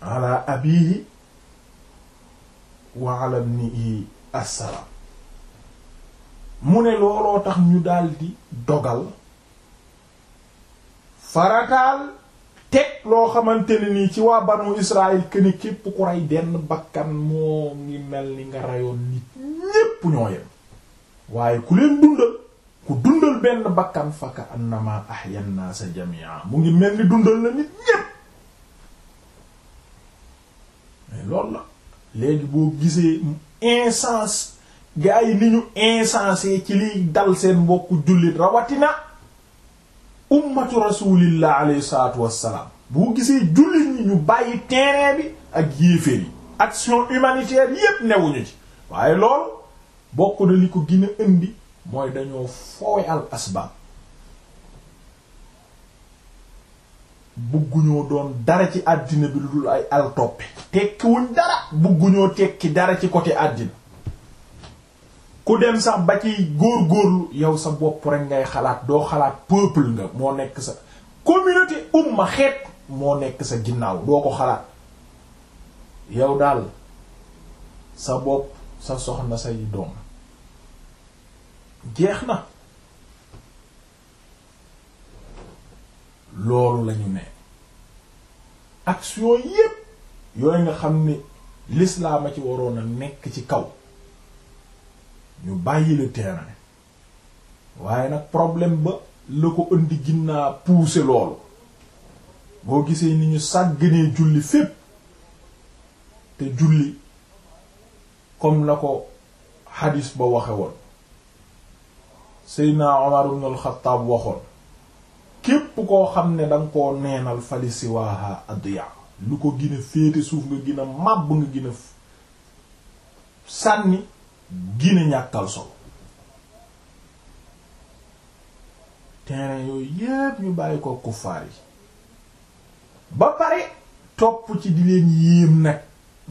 ala abihi wa ala ibnihi assalaam mu ne looloo tax ñu daldi dogal farataal teg loo xamante ne nii ci waa banu Israël këni képp ku rey benn bakkan moo ngi mel ni nga reyoon nit ñépp ñoo yem waaye ku leen dundal ku dundal benn bakkan faka annama ahya an-nas jami'a mu ngi mel ni dundal na nit ñépp mais loolu léegi boo gisee insens gaa yi ni ñu insensé ci liy dal seen mbokku jullit rawatina ummatu rasulillah alayhi salatu wassalam boo gisee jullit ñu bàyyi terrain bi ak yéeféer yi action humanitaire yépp newuñu ci waaye loolu bokk na li ko gën indi mooy dañoo fooy al asbaab bugguñoo doon dara ci àddina bi lu dul ay al toppe tekkiwuñ dara bugguñoo tekki dara ci côté àddina ku dem sax ba ci góor-góorlu yow sa bopp rekk ngay xalaat doo xalaat peuple nga moo nekk sa communauté umma xeet moo nekk sa ginnaaw doo ko xalaat yow daal sa bopp sa soxna say doom jeex na loolu lañu ne action yépp yooyu nga xam ne l'islam a ci waroon a nekk ci kaw ñu bàyyi le terrain waaye nag problème ba la ko indi ginnaa pousser loolu boo gisee ni ñu sàgganee julli fépp te julli comme la ko hadis ba waxe woon Seydina Omar ibn al waxoon képp koo xam ne danga ko neenal fali si waaha lu ko gën a féete suuf nga gën màbb nga gën sànni gën ñàkkal solo terrain yooyu yépp ñu bàyyi ko kuffaar yi ba pare topp ci di leen yéem nag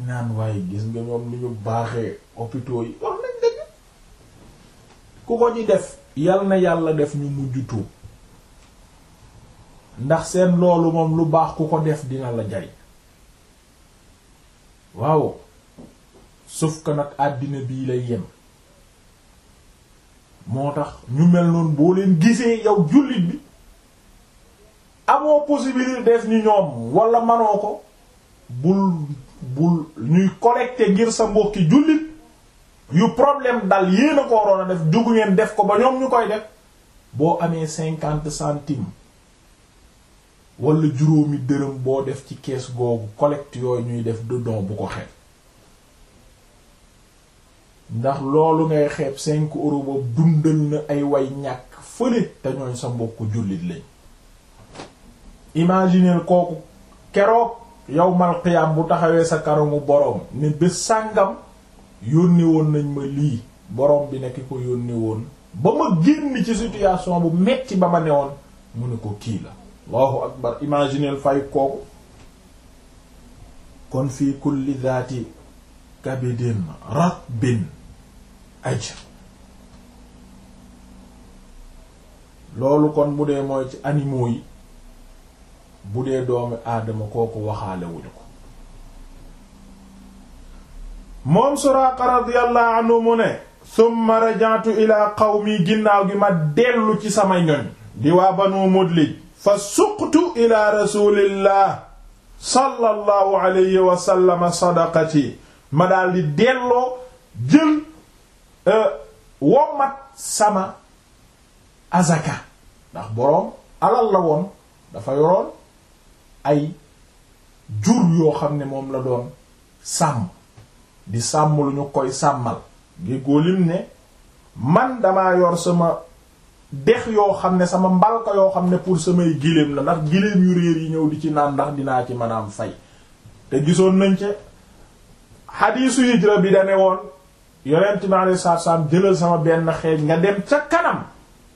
naan waaye gis nga ñoom ni ñu baaxee hôpitaux yi wax nañ dëgg ku ko ci def yal na yàlla def ñu mujj tuub ndax seen loolu moom lu baax ku ko def dina la jariñ waaw sauf ko nag àddina bii lay yem moo tax ñu mel noonu boo leen gisee yow jullit bi amoo possibilité def ñi ñoom walla manoo ko bul bul ñuy collecter ngir sa mbokki jullit yu problème dal yéen a ko waroon a def jugu ngeen def ko ba ñoom ñu koy def boo amee cinquante centimes wala juróomi dërëm boo def ci kees googu collecte yooyu ñuy def de don bu ko xeeb ndax loolu ngay xeeb cinq euros boobu dundal na ay way ñàkk fële te ñooñ sa mbokku jullit lañ imaginer kooku keroog yow mal bu taxawee sa karamu boroom ne bés sàngam yónni woon nañ ma lii boroom bi nekk ko yónni woon ba ma génn ci situation bu metti ba ma newoon mu ne ko kii la allahu akbar imagineel fay kooku kon fii kulli zaati kabidin ratbin ajr loolu kon mu dee mooy ci animaux yi bu dee doomi aadama kooku waxaale wuñu ko moom suraaqa radiyallahu anhu mu ne summa raja'tu ila qawmi ginnaaw gi ma dellu ci sama ñoñ di waa banu mudlij fa suqtu ila rasulillah sallallahu e, sama azaka ndax boroom alal la woon dafa yoroon ay jur yoo xam ne moom la doon sàmm di sàmm lu ñu koy sàmmal géegoo lim ne man damaa yor sama dex yoo xam ne sama mbalka yoo xam ne pour samay giléem la ndax giléem yu réer yi ñëw di ci naan ndax dinaa ci man manaam fay te gisoon nañ ci xadiisu hijra bi dane woon yonent bi alayhi salaatu jëlal sama benn xeej nga dem ca kanam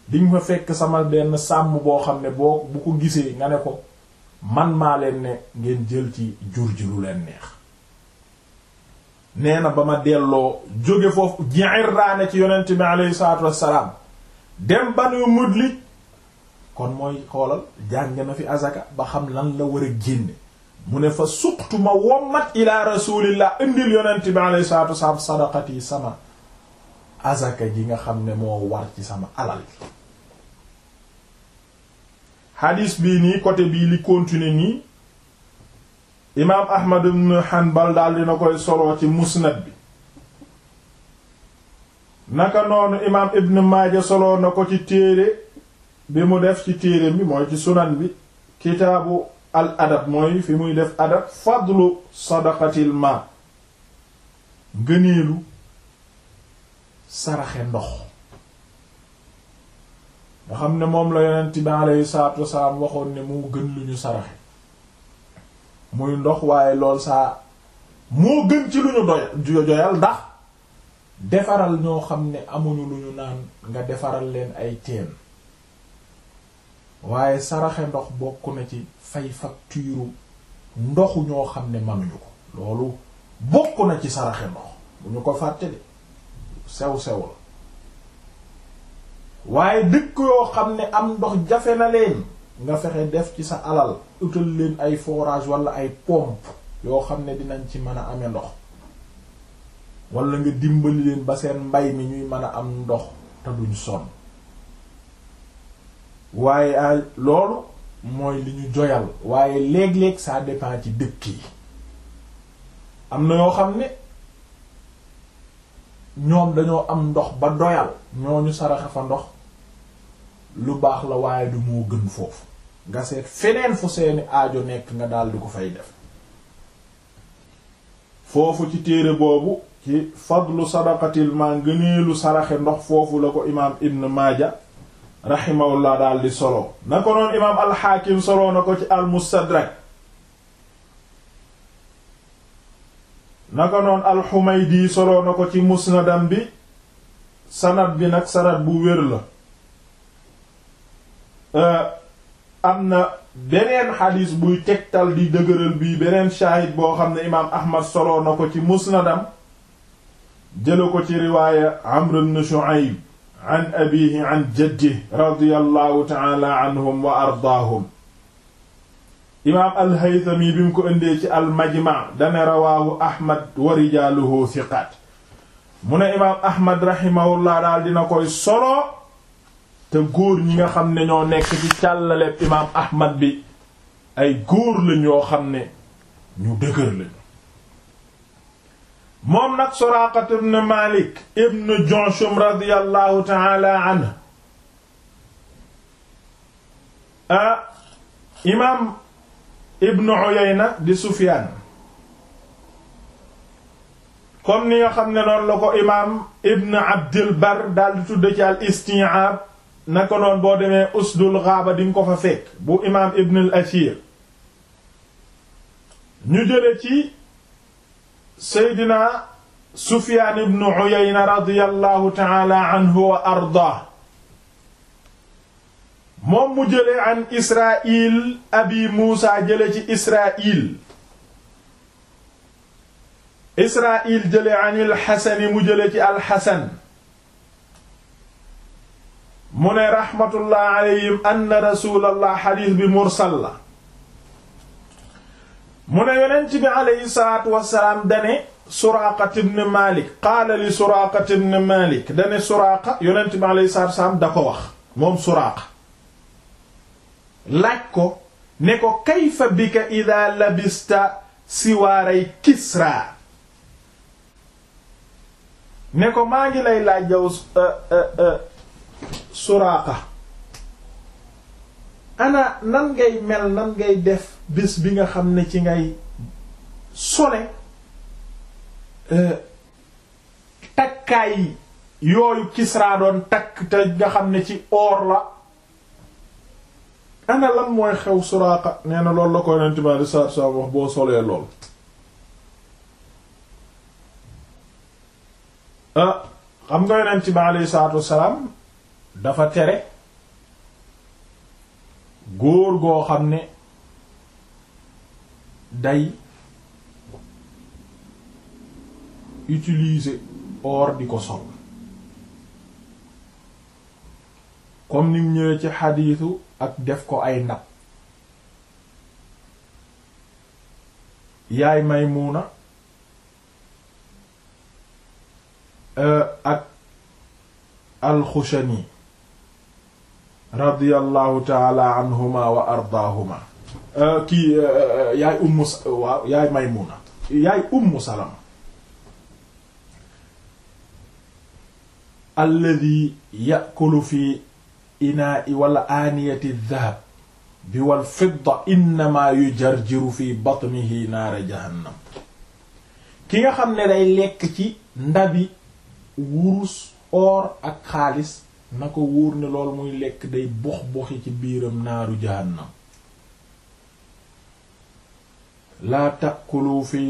diñ fa fekk sama benn sàmm boo xam ne boo bu ko gisee nga ne ko man maa leen ne ngeen jël ci jur ji lu leen neex nee na ba ma delloo jóge foofu Ji'irraana ci yonent bi aleyhi salaatu wassalaam dem Banu Mudlij kon mooy xoolal jàng na fi azaka ba xam lan la war a génne mu ne fa suqtu ma wommat ila rasulillah indil yonent bi aleyhi salaatu wassalaam sadaqati sama azaka ji nga xam ne moo war ci sama alal hadis bii nii côté bii li continuer nii imaam ahmad ibn hanbal daal dina koy soloo ci musnad bi naka noonu imaam ibn maaja soloo na ko ci téere bi mu def ci téere bi mooy ci sunan bi kitaabu al adab mooy fi muy def adab fadlu sadaqatil ma ngëneelu saraxe ndox nga xam ne moom la yonent bi alayhi salaatu wasalaam waxoon ne moo gën lu ñu saraxe muy ndox waaye lool saa moo gën ci lu ñu doy doyal ndax defaral ñoo xam ne amuñu lu ñu naan nga defaral leen ay teen waaye saraxe ndox bokk na ci fay facture ndoxu ñoo xam ne manuñu ko loolu bokk na ci saraxe ndox bu ñu ko fàtte de sew sew la waaye dëkk yoo xam ne am ndox jafe na leen nga fexe def ci sa alal utal leen ay forage wala ay pompe yoo xam ne dinañ ci mën a amee ndox wala nga dimbali leen ba seen mbay mi ñuy mën a am ndox te duñ sonn waaye ay ah, loolu mooy li ñu joyal waaye léeg-léeg ça dépend ci dëkk yi am na yoo xam ne ñoom dañoo am ndox ba doyal ñooñu saraxe fa ndox lu baax la waaye du moo gën foofu nga seet feneen fu seeni aajo nekk nga daal di ko fay def foofu ci téere boobu ci fadlu sadaqatil ma ngëneelu saraxe ndox foofu la ko imaam ibn maaja rahimahullah daal di solo na ko noon imaam alxaakim solo na ko ci almustadrak na ko noon alxumaydi solo na ko ci musnadam bi sanad bi nag sanad bu wér la Euh, am na beneen xadis buy tegtal di dëgëral bii beneen shahid boo xam ne imaam ahmad soloo na ko ci musnadam jëla ko ci riwaaya amr ibn shu'ayb an abihi an jaddi radiyallahu ta'ala anhum wa ardaahum imaam al-haythami bi mu ko indee ci al-majma' dane rawaahu ahmad wa rijaaluhu thiqaat mu ne imaam ahmad rahimahullah daal dina koy soro te góor ñi nga xam ne ñoo nekk ci càllaleeb imaam ahmad bi ay góor lañ yoo xam ne ñu dëgër lañu moom nag Suraaqa ibn Maalik ibn Junshum radiyallahu ta'ala anhu ah imaam ibn Uyayna di Sufyaan comme ni nga xam ne noonu la ko imaam ibn Abdul Barr daal di ci al-Isti'aab naka noon boo demee usdul xaaba di nga bu imaam ibn al ñu jële ci seydina sufyaan ibn uyayna radiyallahu taala anhu wa ardaa moom mu jële an abi muusa jële ci israil israil jële an al xasani mu jële ci al xasan mu ne rahmatullah alayhim rasulallah xadiis bi mursal la mu ne yonent bi alayhi dane suraaqa ibn malik qaala li suraaqa ibn malik dane suraaqa yonent bi alayhi salaatu wassalaam da wax moom suraaqa laaj ko ne ko kayfa labista siwaaray kisraa ne ko lay laaj yow eh, eh, eh, Suraaqa ana nan ngay mel nan ngay def bis bi nga xam ne ci ngay sole euh, takkaay yooyu Kisra doon takk te nga xam ne ci oor la ana lan mooy xew Suraaqa nee na loolu la koy Yonent bi alayhi salaatu wax boo solee lool ah xam nga Yonent bi alayhi salaatu wa salaam dafa tere góor goo xam ne day utiliser or di ko sol comme nim ñëwee ci xadiisu ak def ko ay ndab yaay may Maymuna euh, ak alxushani radiyallahu taala anhuma wa ardaahuma euh, kii euh, euh, yaay ummu waaw yaay maymuna yaay ummu salama alladi yakulu fi inaai wala aaniyati dahab bi wal fidda innama yujarjiru fi batnihi naara jahannam ki nga xam ne day lekk ci ndabi wurus or ak xaalis na ko wóor ne lool muy lekk day box boxi ci biiram naaru jahannam laa takkulu fi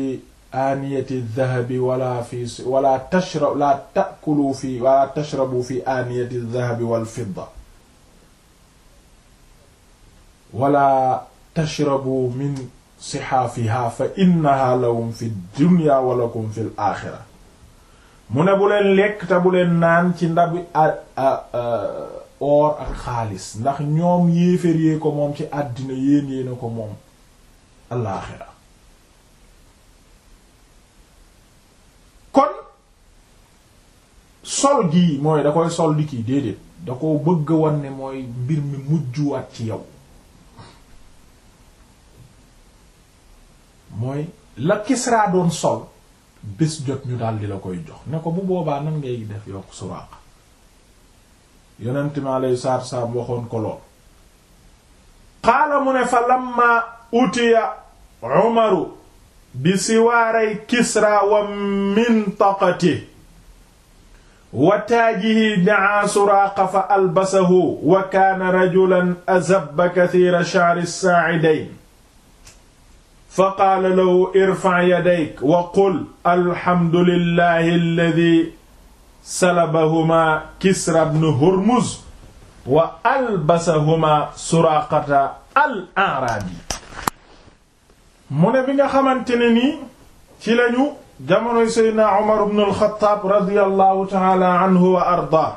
aaniyati dahabi wala fi wala tashra laa takkulu fi wala tashrabu fi aaniyati dahabi wal fidda wala tashrabu min sixaafiha fa innaha lahum fi dunya wa lakum fi l axira mu ne bu leen lekk te bu leen naan ci ndabi or ak xaalis ndax ñoom yéeféer yee ko moom ci àddina yéen yéena ko moom alaaxira kon sol gii mooy da koy sol di kii déedéet da ko bëgg wan ne mooy mbir mi mujjuwaat ci yow mooy la Kisra doon sol bés jot ñu daal di la koy jox ne ko bu boobaa nan ngay def yokk Suraaqa yonent mi alayhi salaatu salaam waxoon ko lool xaala mu ne fa lamma utiya Umaru bi siwaaray Kisra wa mintaqati wa taajihi da'aa Suraaqa fa albasahu wa kaana rajulan azabba kathiira sha'ri as-saa'idayn fa qaala lahu irfa' yadayk wa qul alhamdulillahi alladhi salabahumaa kisra bnu hurmuz wa albasahumaa suraaqata al a'raabi mu ne bi nga xamante ne nii ci lañu jamonoy seydna umar bnu alxataab radiyallahu taala anhu wa ardaa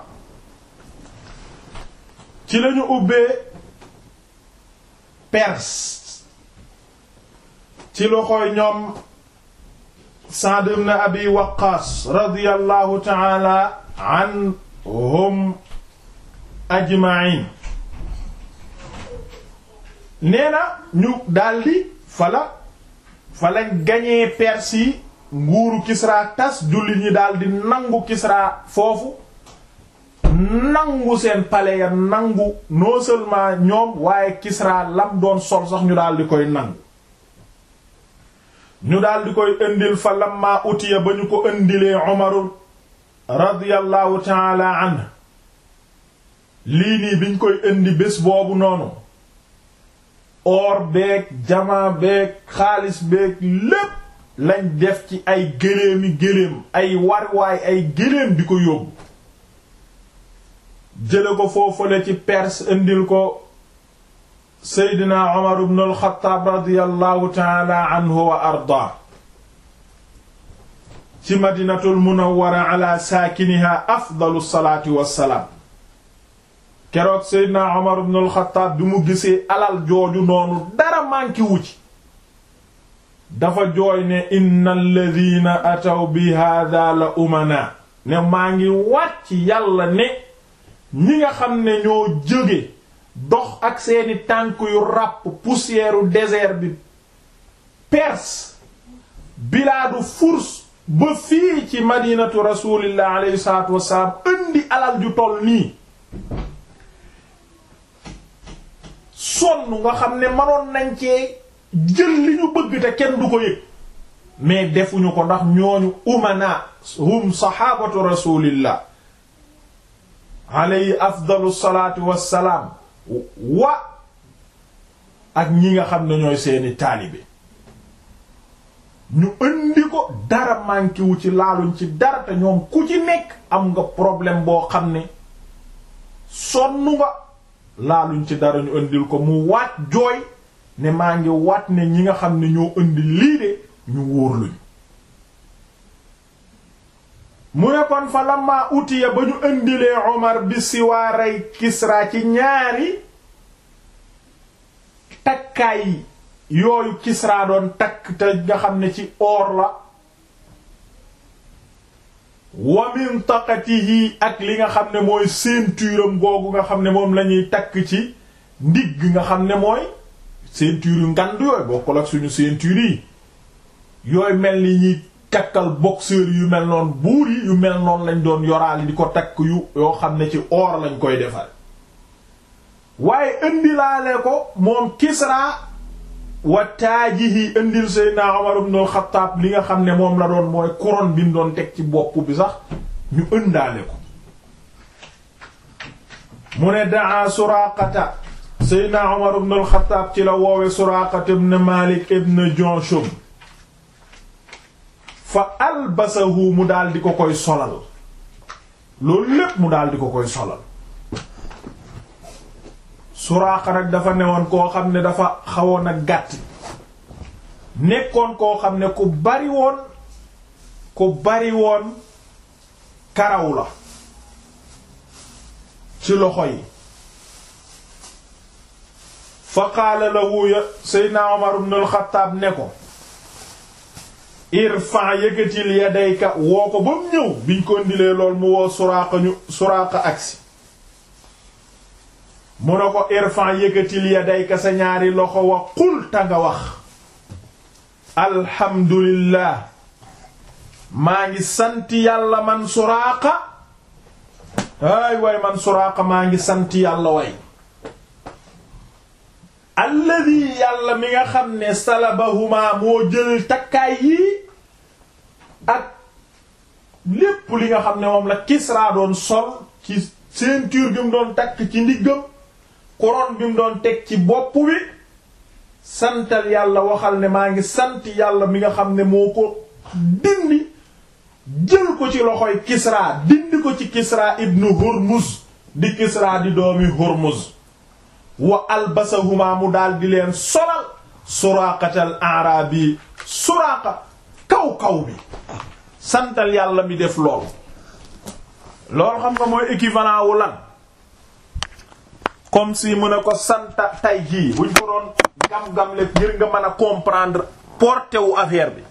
ci lañu ubbee Perse ci loxoy ñoom Saad ibn Abi Waqqaas radiyallahu ta'ala anhum nee na ñu daldi fala falañ gañee Persi nguuru Kisra tas jullit ñi daldi nangu Kisra foofu nangu seen palais ya nangu non seulement ñoom waaye Kisra lam doon sol sax ñu daldi koy nangu ñu daldi di koy indil fa lamma utiya ba ñu ko indilee Umaru radiyallahu taala anhu lii nii biñ koy indi bés boobu noonu or beeg jamaa beeg xaalis beeg lépp lañ def ci ay gëléemi gëléem ay warwaay ay gëléem di ko yóbbu jële ko foofale ci Perse indil ko seydina Omar ibn al ci madinatul munawwara ala saakiniha afdalu salaati wassalaam keroog seydina Omar ibn al bi mu gisee alal jooju noonu dara manki wu ci dafa jooy inna alladina ataw bi hada la umana ne maa ngi wàcc yàlla ne ñi nga xam ne ñoo jóge dox ak seeni tànk yu ràpp poussière u bi Perse bilaadu Furs ba fii ci madinatu rasulillah alayhi salaatu wasalaam indi alal ju toll nii sonn nga xam ne manoon nañ cee jël li ñu bëgg te kenn du ko yëg mais defuñu ko ndax ñooñu umana hum sahabatu rasulillah alayhi afdalu salaatu wassalaam waa ak ñi nga xam ne ñooy seeni taalibe ñu indi ko dara manqué ci laaluñ ci dara te ñoom ku ci nekk am nga problème boo xam ne sonn nga laaluñ ci dara ñu indil ko mu waat jooy ne maa ngi waat ne ñi nga xam ne ñoo indi lii de ñu wóor luñ mu nekkoon kon fa lamma utiya ba ñu indilee Omar bi siwaaray Kisra ci ñaari takkaay yooyu Kisra doon takk te nga xam ne ci oor la wa mintaqatihi ak li nga xam ne mooy ceinture am googu nga xam ne moom lañuy takk ci ndigg nga xam ne mooy ceinture yu ngand yooyu bokkul ak suñu ceinture yi yooyu mel ni ñi takkal boxeur yu mel noonu buur yu mel noonu lañ doon yoraali di ko takk yu yoo xam ne ci or lañ koy defar waaye indilaale ko moom Kisra wa taajihi indil Seydina Umar ibn li nga xam ne moom la doon mooy couronne bi mu doon teg ci bopp bi sax ñu ëndaale ko mu ne daa Suraqata Seydina Umar ibn ci la woowe Suraqata ibn Malik ibn Junshum fa albasahu mu daldi ko koy solal loolu lépp mu daal ko koy solal suraaqa nag dafa newoon koo xam ne dafa xawoon a gàtt nekkoon koo xam ne ku bari woon ku bari woon karaw la ci loxo yi fa qaala lahu ya seydna Umar ibn al ne ko irfa yëkkatil yadayka woo ko ba mu ñëw biñ ko ndilee lool mu woo suraaqa ñu suraaqa agsi mu ne ko irfa yëkkatil yadayka sa ñaari loxo wa qulta nga wax alhamdulillah maa ngi sant yàlla man suraaqa ay way man suraaqa maa ngi sant yàlla way alladi yàlla mi nga xam ne salabahuma moo jël takkaay yi ak lépp li nga xam ne moom la Kisra doon sol ci ceinture bi mu doon takk ci ndiggam couronne bi mu doon teg ci bopp wi santal yàlla waxal ne maa ngi sant yàlla mi nga xam ne moo ko dindi jël ko ci loxoy Kisra dindi ko ci Kisra ibnu Hurmuz di Kisra di doomi Hurmuz wa albasahuma mu dal di leen solal suraaqatal arabi suraaqa kaw kaw bi santal yàlla mi def lool loolu xam nga mooy équivalent lan comme si mu ne ko santa tay jii buñ ko gam-gam ngir nga mën a comprendre portée wu affaire bi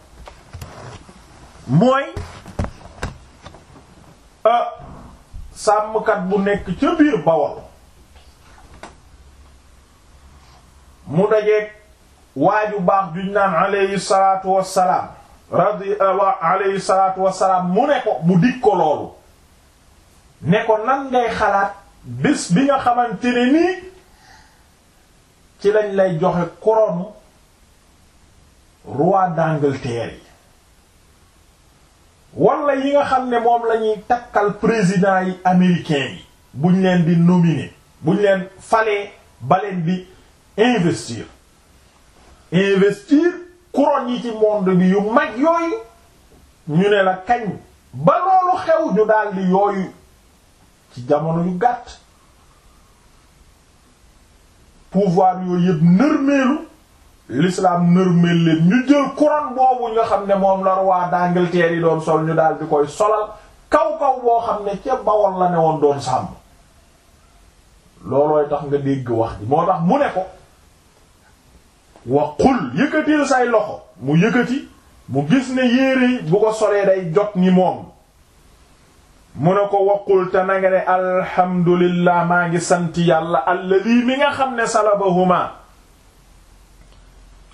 mooy euh, sàmmkat bu nekk ca biir Bawol mu dajeeg waaju baax juñ naan alayhi salaatu wassalaam radi euh, alayhi salaatu wassalaam mu ne ko mu dig ko loolu ne ko nan ngay xalaat bés bi nga xamante ne nii ci lañ lay joxe couronne roi d'Angleterre yi wala yi nga xam ne moom lañuy takkal président yi américains yi buñ leen di nominer buñ leen falee baleen bi investir investir couronne yi ci monde bi yu mag yooyu ñu ne la kañ ba loolu xew ñu daldi yooyu ci jamono yu gàtt pouvoir yooyu yëpp nërmeelu l'islam nërmeel leen ñu jël couronne boobu nga xam ne moom la roi d'Angleterre yi doon sol ñu daldi koy solal kaw kaw boo xam ne ca Bawol la ne woon doon sàmm loolooy tax nga dégg wax ji moo tax mu ne ko wa qul yëkkatil say loxo mu yëkkati mu gis ne yére yi bu ko solee day jot ni moom mu ne ko waqul te na nga ne alhamdulillah maa ngi sant yàlla alladi mi nga xam ne salabahuma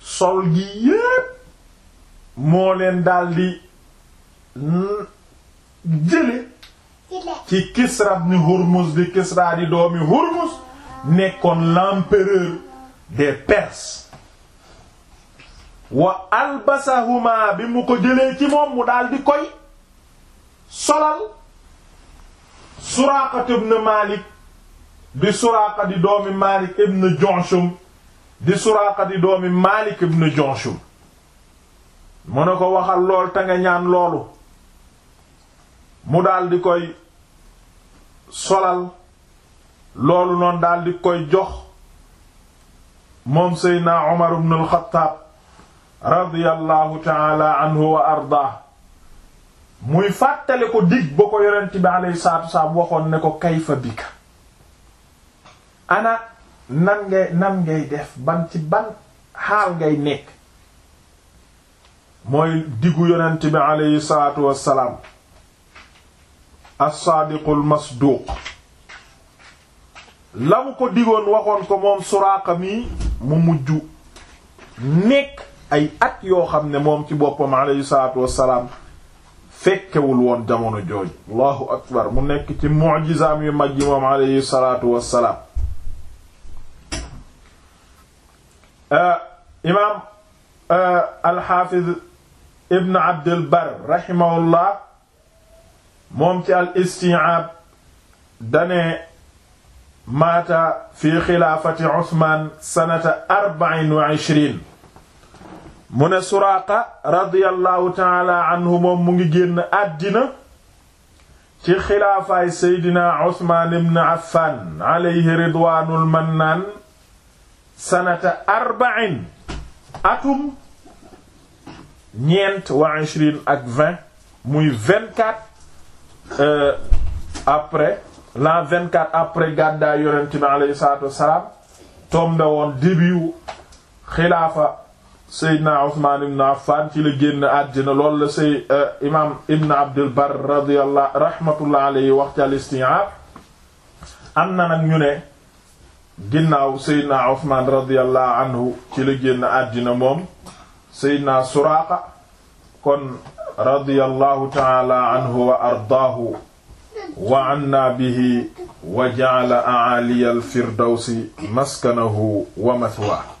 sol gi yépp moo leen daldi jële ci Kisra ibn Hurmuz di Kisra di doomi Hurmuz nekkoon l'empereur des Perses wa albasahuma bi mu ko jëlee ci moom mu daal di koy solal Suraaqa ibn Malik di doomi di doomi Malik ibn Junshum mu ne ko waxal lool te ñaan loolu mu daldi koy solal loolu noonu daal koy jox moom Seydina Umar ibn al radiyallahu taala anhu wa arda muy fàttale ko dig ba ko yonent bi alayhi salaatu wasalaam waxoon ne ko kayfa bika ana nan ngay def ban ci ban xaal ngay nekk mooy diggu yonent bi alayhi salaatu wassalaam as-saadiqul masduuq ko digoon waxoon ko moom suraaka mi mu mujj nekk ay at yoo xam ne moom ci boppam aleyhi salaatu wassalaam fekkewul woon jamono jooju allahu akbar mu nekk ci mu'jizaam yu mag yi moom aleyhi salaatu wassalaam eh, imaam eh, alxaafiz ibn abdul bar raximahullah moom ci al isti'aab dane maata fi xilaafati usmaan sanata arbain wa ishriin mu ne suraaqa radiyallahu taala anhu mu ngi génn àddina ci xilaafaay seydina usmaan ibn affan aleyhi ridwaanul sanata atum ñeent ak vingt muy vingt-quatre euh, après l'an vingt-quatre après gàddaay yonent bi aleyhi salaatu wassalaam tombe woon début xilaafa Seydina Usmaan ibn Affan ci la génn àddina loolu la say eh, imaam Ibn Abdul Barr radiyallahu rahmatullah alayhi wax ci al-Isti'ab am na nag ñu ne ginnaaw Seydina Usmaan radiyallahu anhu ci la génn àddina moom Seydina Suraaqa kon radiyallahu ta'ala anhu wa ardaahu wa anna bihi wa ja'ala a'ali al-firdawsi maskanahu wa mathwaahu